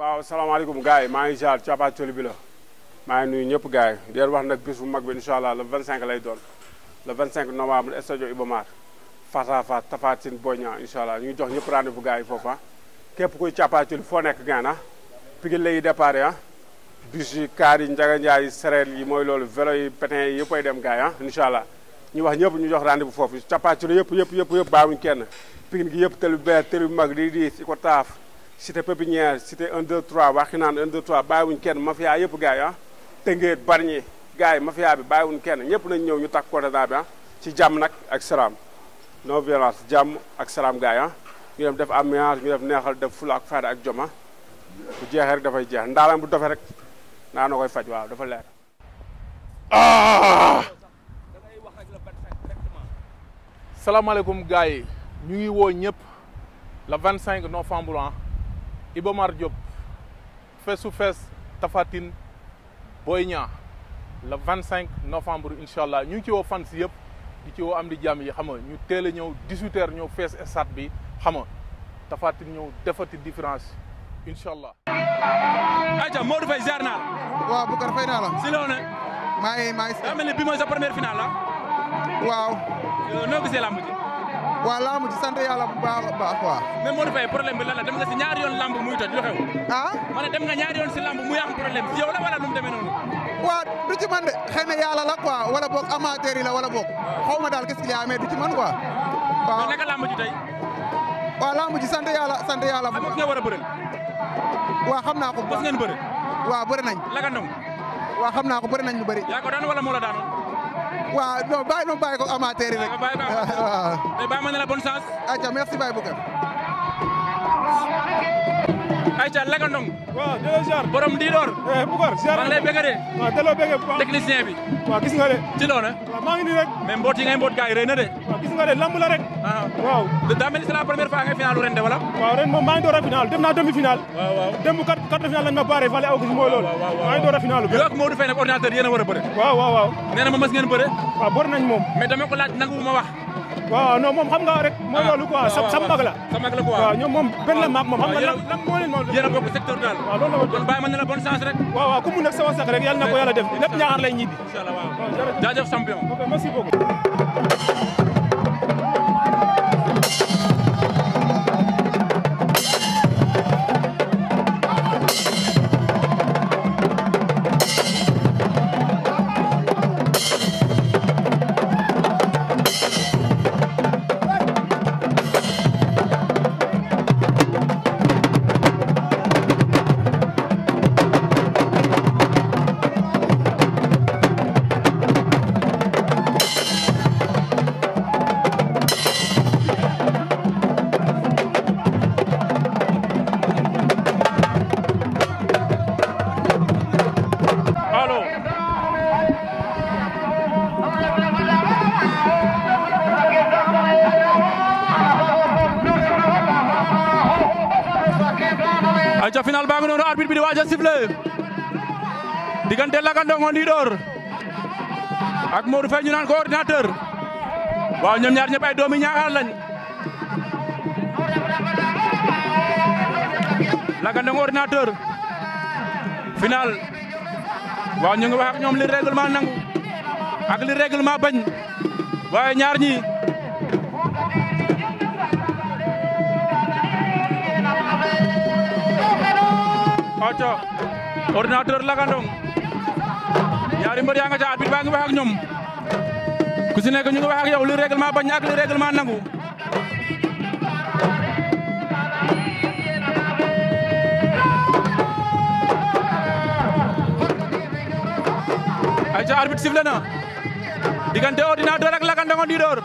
waaw salaamaaleykum gars yi maa ngi jaar cappaatuli bi la maa ngi nuyu ñëpp gars yi di wax nag bis bu mag bi incha allah le 25 lay doon le 25 novembre stade Iba Mar face à face Tapha Tine Boy Niang incha allah ñu jox ñëpp rendez-vous gars yi foofu ah képp kuy cappaatuli foo nekk gaana ah Pikine lay déparé ah bus yi kaar yi njaga njaay yi sereer yi mooy loolu vélo yi pétin yi yëppay dem gars yi ah incha ñu wax ñëpp ñu jox rendez-vous foofu cappaatuli yëpp yëpp yëpp yëpp bàyyiwuñ kenn yëpp tëlu beer tëlu mag di diis i ko taaf cité pépinière cité 1 2 3 waxi naan 1 2 3 bàyyiwuñ kenn mafia yëpp gars yi ah tëngeet barñi gars yi mafia bi bàyyiwuñ kenn ñëpp nañ ñëw ñu takk corona bi ah ci jàmm nag ak salaam non violence jàmm ak salaam gars yi ah. ñu dem def ambiance ñu def neexal def fula ak fayda ak joma ah. bu jeexee rek dafay jeex ndaalaan bu dofe rek naa na koy faj waaw dafa leer ah! salaamaaleykum gars yi ñu ngi woo ñëpp le 25 novembre Iba Mar feesu fees Tafatine Boy Niang le cinq novembre incha allah ñu ngi ci woo fan si yëpp di ci am di jàmm yi xam ñu teel a ñëw dix-huit heures ñëw fees stade bi xam nga Tafatine defati différence incha allah. ayca Modou Faye ziar naa la. waaw Boucar fay naa la. si loolu nag. maa ngi maa ngi. ni bii mooy sa première finale la. Ah? waaw. waa laamu ci sant yàlla bu baax a baax waaw. mais Modou Faye problème bi lan la dem nga si ñaari yoon lamb muy toj lu xew. ah ma ne nga ñaari si lamb muy am problème si yow la wala nu mu demee noonu. waaw du ci man de na yàlla la quoi wala boog amateur yi la wala boog xaw ma daal qu'est-ce a mais du ci man quoi. waaw mais naka lamb ji tey. waaw lamb ji sant yàlla sant yàlla. bu baax nga war xam naa ko bu baax mos ngeen bëri. nañ. la ka ndong. waaw xam naa ko bëri nañ lu bëri. yaa ko daan wala waaw non bàyyi noonu bàyyi ko amateur yi rek. waaw mais bàyyi ma ne la bonne chance. ayca merci Baye Boucar. Aïcha la nga ndong waaw delloo ziar borom di door eh, Boucar ziar maa ngi lay bëgg de waaw delloo bëgg bu baax technicien bi waaw gis nga ci loo ne maa ngi rek mais mboot yi ngay mboot gars yi rëy na de waaw gis rek ah, ah. waaw daa mel ni c'est la première fois ngay final waaw ren moom maa ngi door a naa demi final waaw waaw démb quart quart de final ma baare fale aw gis maa ngi door a final yow ak Modou a a na ma waaw non moom xam nga rek mooy ah. loolu quoi sa ah, mag la sa mag la quoi waaw ñoom ah. xam nga lan moo leen moom yéen a bokk secteur daal waaw loolu la kon bàyyi ma ne la bonne chance rek waaw waaw nekk sama sax rek yàlla na ko yàlla def lépp ñaar lay ñibbi ay ca final baa ngi noonu arbitre bi di waaj a sifflé diggante Laga Ndongo ak Modou Faye ñu naan ko ordinateur waaw ñoom ñaar ñëpp ay doomi Niakhar lañ Laga Ndongo ordinateur final waaw ñu ngi ñoom li règlement nangu ak li règlement bañ waaye ñaar ñi aca ordinateur Lagandong ñaari mbër yaa nga ca arbitre baa ngi ak ñoom ku si nekk ñu ngi wax ak yow li règlement bañ nangu aca arbitre sifflé na diggante ordinateur ak Lagandong Ndindor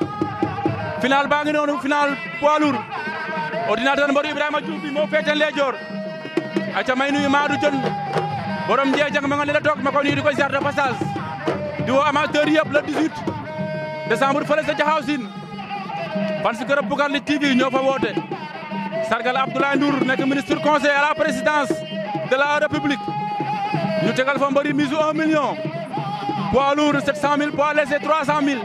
final baa ngi noonu final poids lourd moo féete ndeyjoor aca may nuyu Maadou Jon borom njeejang ma nga ne la toog ma ko nuyu di koy ziar de passage di woo amateur yëpp le 18 décembre sa Jaxaaw Siin fan si kërëb Boucar li TV ñoo fa woote sargal Abdoulaye Ndour nekk ministre conseil à la présidence de la République ñu tegal fa mbëri mise 1 million poids lourd 700 000 poids léger 300 000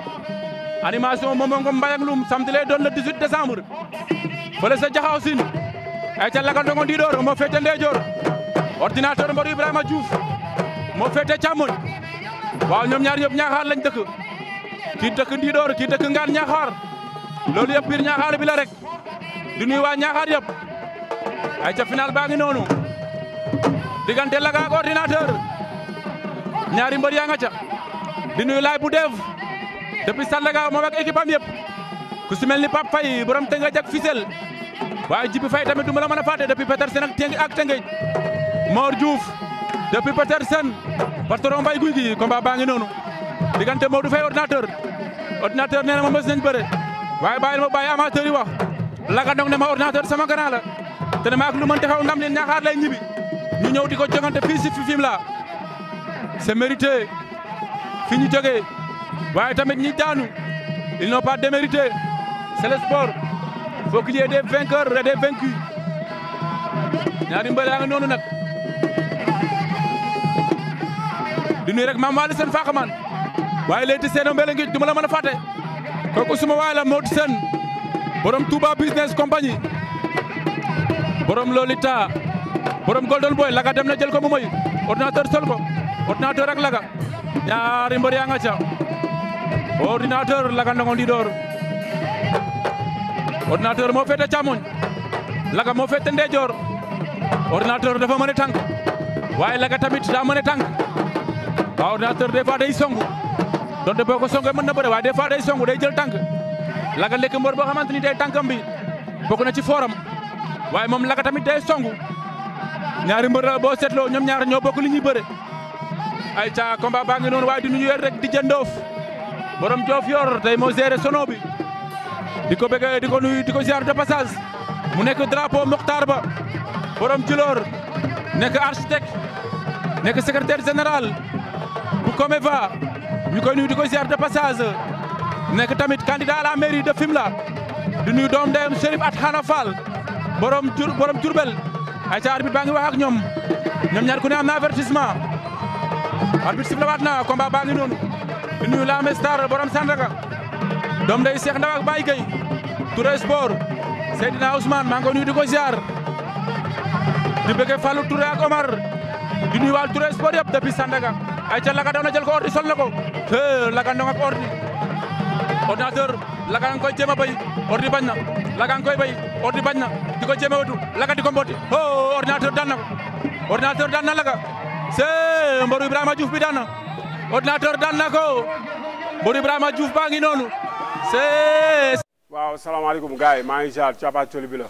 animation moom moo ngi mbay ak lum sa Jaxaaw Siin aca lagal ndongo ndiiɗoor mo féete ndeyjoor ordinateur mbaru Ibrahima Diouf mo féete càmmoñ waaw ñoom ñaar ñëpp ñaaxaar lañ dëkk kii dëkk ndiiɗoor kii dëkk ngaan ñaaxaar loolu yëpp biir ñaaxaar bi la rek di waa ñaaxaar yëpp aca final baa ngi noonu diggante laga ak ordinateur ñaari mbër yaa nga ca di nuyu bu deef depuis Sandaga moom ak équipe am yëpp ku si mel ni Pape Faye borom te fisel waaye Djibi fay tamit du ma la mën a fàtte depuis Petersen ak Teng ak Tengej Mor Diouf depuis Petersen patron Mbaye Gouy Gui combat baa ngi noonu diggante Modou Faye ordinateur ordinateur nee na ma mës nañ bëre waaye bàyyil ma bàyyi amateur yi wax laga ndong ne ma ordinateur sama grand la te ne ma ak lu mën taxaw ndam leen ñaaxaar lay ñibi ñu ñëw di ko jogante fii si la c'est mérité fi ñu jógee waaye tamit ñi daanu ils n'ont pas démérité c'est il faut qu'il y ait des vainqueurs et des ñaari mbër yaa ngi noonu nag di nuyu rek maam Waly Sène Fakhamane waaye léegi seen o mbele ngi du ma la mën a fàtte kooku suma waay la Modou Sène borom Touba Business Compagnie borom Lolita borom Golden Boy laga dem na jël ko mu moy ordinateur sol ko ordinateur laga ñaari mbër yaa nga ca ordinateur laga ndongo ordinateur moo féete càmmoñ Laga moo féete ndeyjoor ordinateur dafa mën a tànk waaye Laga tamit daa mën a tànk waaw ordinateur des fois day songu donte boo ko songee mën na bëre waaye des fois day songu day jël tànk Laga lekk mbor boo xamante ni day tànkam bi bokk na ci fooram waaye moom Laga tamit day songu ñaari mbër boo seetloo ñoom ñaar ñoo bokk li ñuy bëre ay ca combat baa ngi noonu waaye du ñu yor rek di jëndoof borom joof yor tey moo géré bi di ko bëggee di ko nuyu di ko ziar de passage mu nekk drapeau Mokhtar Ba borom Djilor nekk architecte nekk secrétaire général bu Comeva ñu koy nuyu di ko ziar de passage nekk tamit candidat à la mairie de Fimela di nuyu doom ndeyam Chérif at Xana Fall borom jur ay ca arbitre baa ngi wax ak ñoom ñaar ku ne am na avertissement arbitre siflewaat na combat baa ngi noonu di nuyu Lamé Star borom Sandaga doom day Cheikh Ndaw ak Baye Gueye Touré Sport Seydina maa ngi ko di ko ziar di bëgg Fallou Touré ak Omar di nuyu waa Touré Sport yëpp Sandaga ay ca Laka daw na ko ordi sol na ko hee Laka ndong ak ordi koy jéem a bay ordi bañ na Laka nga koy ordi bañ na di ko jéem a wëtu Laka di ko mbooti oh ordinateur daan na ko ordinateur daan na Laka see Ibrahima Diouf bi daan na ordinateur daan na ko mboru Ibrahima Diouf baa ngi noonu. waaw salaamaaleykum gars yi maa ngi jaar cappaatoli bi la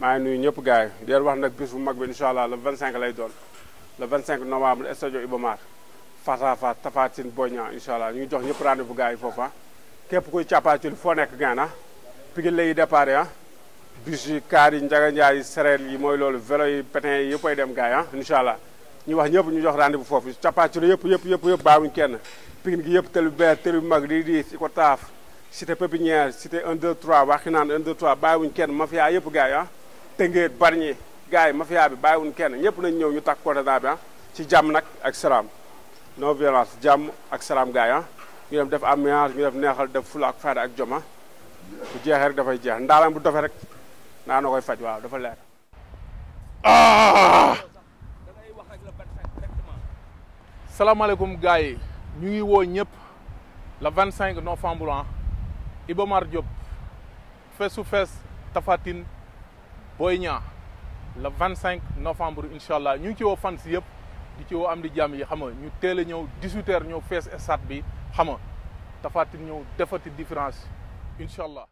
maa ngi nuyu ñëpp gars yi di wax nag bis bu mag bi incha allah le 25 lay doon le 25 novembre stade Iba Mar face à face Tapha Tine Boy Niang allah ñu jox ñëpp rendez-vous gars yi foofu ah képp kuy cappaatoli foo nekk gaan ah Pikine lay déparé ah bus yi kaar yi njaga njaay yi yi mooy loolu vélo yi pétin yi yëpp ay dem gars yi ah allah ñu wax ñëpp ñu jox rendez bu foofu cappaatoli yëpp yëpp yëpp yëpp bàyyiwuñ kenn Pikine yëpp tël bu mag di di ci ko taaf cité pépinière cité 1 2 3 Waxinaan 1 2 3 bàyyiwuñ kenn mafia yëpp gars yi ah Tëngéej Bargny gars yi mafia bi bàyyiwuñ kenn ñëpp nañ ñëw ñu takk corona bi ah ci jàmm nag ak salaam non violence ak salaam gars yi ah ñu dem def ambiance ñu def neexal def fula ak fayda ak joma ah. bu jeexee rek dafay jeex ndaalam bu dofee rek naa na koy faj waaw dafa leer ah! salaamaaleykum gars yi ñu ngi woo ñëpp le 25 novembre ah. Ibomar Diop feesu fees tafaatin booy Niang le vingt cinq novembre incha allah ñu ci woo fans yëpp di ci woo am di jàmm yi xam nga ñu teel a ñëw dix ñëw fees stade bi xam nga Tafatine ñëw defati différence incha allah.